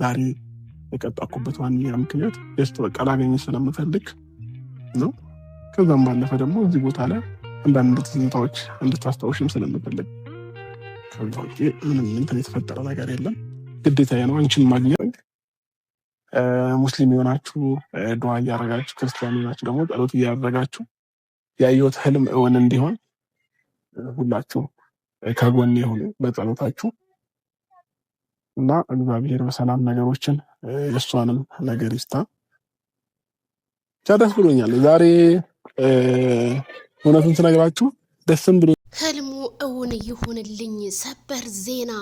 ዛሬ የቀጣኩበት ዋነኛ ምክንያት ደስት በቃ ላገኘ ስለምፈልግ ነው። ከዛም ባለፈ ደግሞ እዚህ ቦታ ላይ አንዳንድ ትዝታዎች እንድታስታውሽም ስለምፈልግ ከዛ ውጭ ምንም እንትን የተፈጠረ ነገር የለም። ግዴታ ነው አንቺን ማግኘት። ሙስሊም የሆናችሁ ድዋ እያደረጋችሁ፣ ክርስቲያን የሆናችሁ ደግሞ ጸሎት እያደረጋችሁ ያየሁት ህልም እውን እንዲሆን ሁላችሁ ከጎን የሆኑ በጸሎታችሁ እና እግዚአብሔር በሰላም ነገሮችን የእሷንም ነገር ይስታ። ደስ ብሎኛል ዛሬ እውነቱን ስነግራችሁ ደስም ብሎ ህልሙ እውን ይሁንልኝ። ሰበር ዜና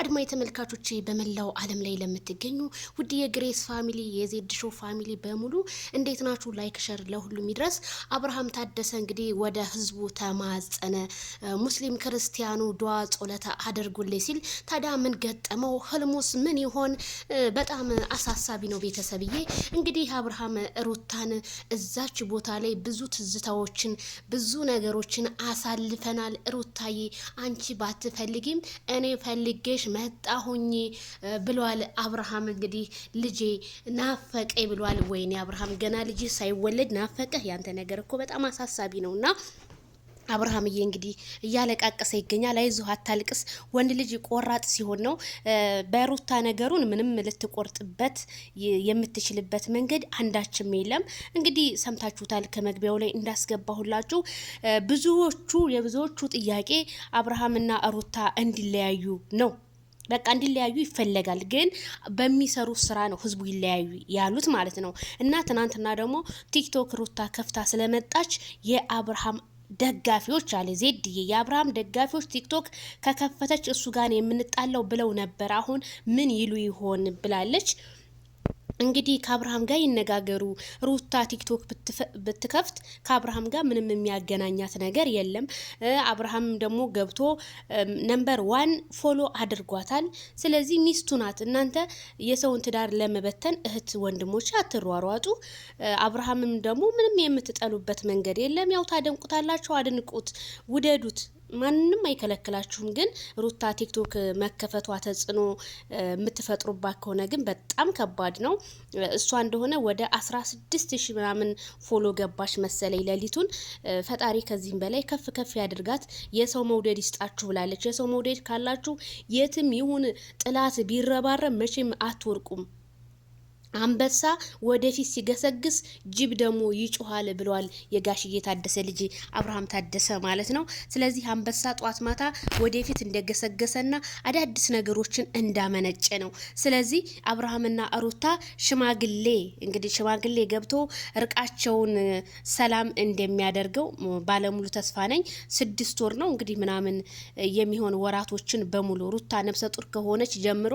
አድማጭ ተመልካቾች፣ በመላው ዓለም ላይ ለምትገኙ ውድ የግሬስ ፋሚሊ የዜድ ሾው ፋሚሊ በሙሉ እንዴት ናችሁ? ላይክ ሸር ለሁሉም ይድረስ። አብርሃም ታደሰ እንግዲህ ወደ ህዝቡ ተማጸነ። ሙስሊም ክርስቲያኑ ዱዓ ጾለታ አድርጉልኝ ሲል ታዲያ ምን ገጠመው? ህልሙስ ምን ይሆን? በጣም አሳሳቢ ነው ቤተሰብዬ። እንግዲህ አብርሃም ሩታን እዛች ቦታ ላይ ብዙ ትዝታዎችን ብዙ ነገሮችን አሳልፈናል ሩታዬ አንቺ ባትፈልጊም እኔ ፈልጌሽ መጣሁኝ ብሏል። አብርሃም እንግዲህ ልጄ ናፈቀ ብሏል። ወይኔ አብርሃም ገና ልጅ ሳይወለድ ናፈቀ። ያንተ ነገር እኮ በጣም አሳሳቢ ነው እና አብርሃምዬ እንግዲህ እያለቃቀሰ ይገኛል። አይዞህ አታልቅስ፣ ወንድ ልጅ ቆራጥ ሲሆን ነው። በሩታ ነገሩን ምንም ልትቆርጥበት የምትችልበት መንገድ አንዳችም የለም። እንግዲህ ሰምታችሁታል፣ ከመግቢያው ላይ እንዳስገባሁላችሁ ብዙዎቹ የብዙዎቹ ጥያቄ አብርሃምና ሩታ እንዲለያዩ ነው። በቃ እንዲለያዩ ይፈለጋል። ግን በሚሰሩ ስራ ነው ህዝቡ ይለያዩ ያሉት ማለት ነው። እና ትናንትና ደግሞ ቲክቶክ ሩታ ከፍታ ስለመጣች የአብርሃም ደጋፊዎች አለ ዜድዬ የአብርሃም ደጋፊዎች ቲክቶክ ከከፈተች እሱ ጋር የምንጣለው ብለው ነበር። አሁን ምን ይሉ ይሆን ብላለች። እንግዲህ ከአብርሃም ጋር ይነጋገሩ። ሩታ ቲክቶክ ብትከፍት ከአብርሃም ጋር ምንም የሚያገናኛት ነገር የለም። አብርሃም ደግሞ ገብቶ ነምበር ዋን ፎሎ አድርጓታል። ስለዚህ ሚስቱ ናት። እናንተ የሰውን ትዳር ለመበተን እህት ወንድሞች አትሯሯጡ። አብርሃምም ደግሞ ምንም የምትጠሉበት መንገድ የለም። ያው ታደንቁታላችሁ፣ አድንቁት፣ ውደዱት። ማንም አይከለክላችሁም። ግን ሩታ ቲክቶክ መከፈቷ ተጽዕኖ የምትፈጥሩባት ከሆነ ግን በጣም ከባድ ነው። እሷ እንደሆነ ወደ አስራ ስድስት ምናምን ፎሎ ገባች መሰለኝ ሌሊቱን። ፈጣሪ ከዚህም በላይ ከፍ ከፍ ያድርጋት፣ የሰው መውደድ ይስጣችሁ ብላለች። የሰው መውደድ ካላችሁ የትም ይሁን ጥላት ቢረባረብ መቼም አትወርቁም። አንበሳ ወደፊት ሲገሰግስ ጅብ ደግሞ ይጮኋል ብሏል የጋሽዬ ታደሰ ልጅ አብርሃም ታደሰ ማለት ነው። ስለዚህ አንበሳ ጧት ማታ ወደፊት እንደገሰገሰና አዳዲስ ነገሮችን እንዳመነጨ ነው። ስለዚህ አብርሃምና ሩታ ሽማግሌ እንግዲህ ሽማግሌ ገብቶ እርቃቸውን ሰላም እንደሚያደርገው ባለሙሉ ተስፋ ነኝ። ስድስት ወር ነው እንግዲህ ምናምን የሚሆን ወራቶችን በሙሉ ሩታ ነብሰ ጡር ከሆነች ጀምሮ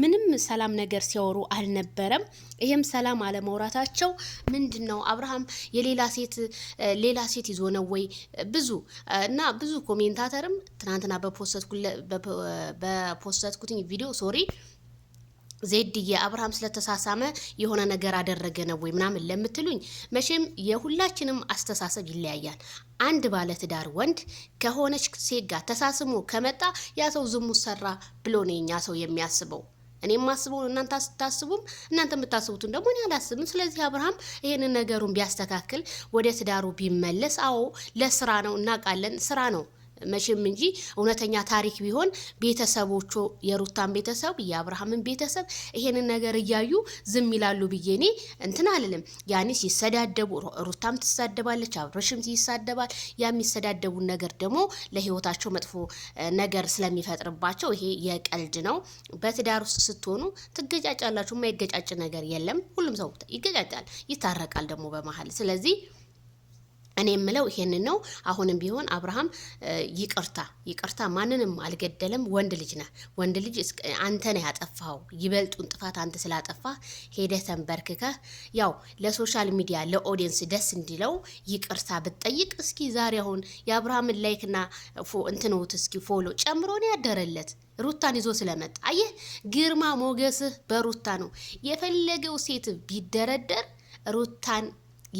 ምንም ሰላም ነገር ሲያወሩ አልነበር ነበረም። ይህም ሰላም አለመውራታቸው ምንድን ነው አብርሃም የሌላ ሴት ሌላ ሴት ይዞ ነው ወይ ብዙ እና ብዙ ኮሜንታተርም ትናንትና በፖስተትኩትኝ ቪዲዮ ሶሪ ዜድዬ አብርሃም ስለተሳሳመ የሆነ ነገር አደረገ ነው ወይ ምናምን ለምትሉኝ፣ መቼም የሁላችንም አስተሳሰብ ይለያያል። አንድ ባለትዳር ወንድ ከሆነች ሴት ጋር ተሳስሞ ከመጣ ያ ሰው ዝሙት ሰራ ብሎ ነው የኛ ሰው የሚያስበው። እኔ የማስበው እናንተ አታስቡም፣ እናንተ የምታስቡትን ደግሞ እኔ አላስብም። ስለዚህ አብርሃም ይህንን ነገሩን ቢያስተካክል ወደ ትዳሩ ቢመለስ፣ አዎ ለስራ ነው እናውቃለን፣ ስራ ነው መቼም እንጂ እውነተኛ ታሪክ ቢሆን ቤተሰቦቹ የሩታን ቤተሰብ የአብርሃምን ቤተሰብ ይሄንን ነገር እያዩ ዝም ይላሉ ብዬ እኔ እንትን አልልም። ያኔ ሲሰዳደቡ ሩታም ትሳደባለች፣ አብረሽም ይሳደባል። ያ የሚሰዳደቡን ነገር ደግሞ ለህይወታቸው መጥፎ ነገር ስለሚፈጥርባቸው ይሄ የቀልድ ነው። በትዳር ውስጥ ስትሆኑ ትገጫጫላችሁ። የማይገጫጭ ነገር የለም። ሁሉም ሰው ይገጫጫል፣ ይታረቃል ደግሞ በመሀል ስለዚህ እኔ የምለው ይሄንን ነው። አሁንም ቢሆን አብርሃም ይቅርታ ይቅርታ፣ ማንንም አልገደለም። ወንድ ልጅ ነህ። ወንድ ልጅ አንተ ነህ ያጠፋኸው። ይበልጡን ጥፋት አንተ ስላጠፋ ሄደህ ተንበርክከህ ያው ለሶሻል ሚዲያ ለኦዲየንስ ደስ እንዲለው ይቅርታ ብትጠይቅ። እስኪ ዛሬ አሁን የአብርሃምን ላይክና እንትንውት እስኪ ፎሎ ጨምሮ ነው ያደረለት ሩታን ይዞ ስለመጣ አየህ፣ ግርማ ሞገስህ በሩታ ነው። የፈለገው ሴት ቢደረደር ሩታን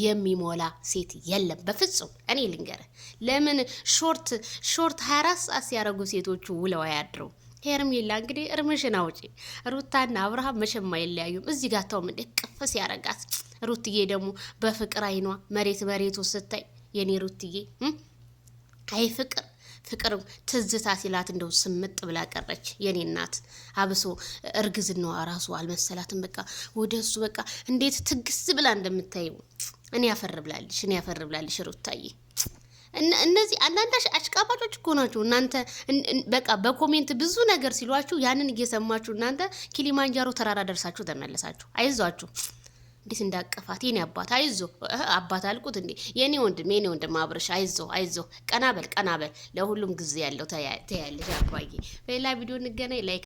የሚሞላ ሴት የለም በፍጹም። እኔ ልንገርህ ለምን ሾርት ሾርት 24 ሰዓት ሲያደርጉ ሴቶቹ ውለው አያድረው። ሄርሜላ እንግዲህ እርምሽን አውጪ። ሩታና አብርሃም መቼም አይለያዩም። እዚህ ጋር ተውም እንዴ ቅፍስ ያረጋት ሩትዬ ደግሞ በፍቅር አይኗ መሬት መሬቱ ስታይ የኔ ሩትዬ አይ ፍቅር ፍቅር ትዝታ ሲላት እንደው ስምጥ ብላ ቀረች። የኔ እናት አብሶ እርግዝናዋ ራሱ አልመሰላትም። በቃ ወደ እሱ በቃ እንዴት ትግስ ብላ እንደምታየው እኔ ያፈር ብላለሽ፣ እኔ ያፈር ብላለሽ ሩታዬ። እነዚህ አንዳንድ አሽቃባጮች እኮ ናቸው። እናንተ በቃ በኮሜንት ብዙ ነገር ሲሏችሁ ያንን እየሰማችሁ እናንተ ኪሊማንጃሮ ተራራ ደርሳችሁ ተመለሳችሁ። አይዟችሁ። እንዴት እንዳቀፋት የኔ አባት አይዞ አባት አልቁት እንዴ የኔ ወንድም የኔ ወንድም አብረሽ አይዞ አይዞ ቀናበል ቀናበል ለሁሉም ጊዜ ያለው ተያለሽ አባዬ በሌላ ቪዲዮ እንገናኝ ላይክ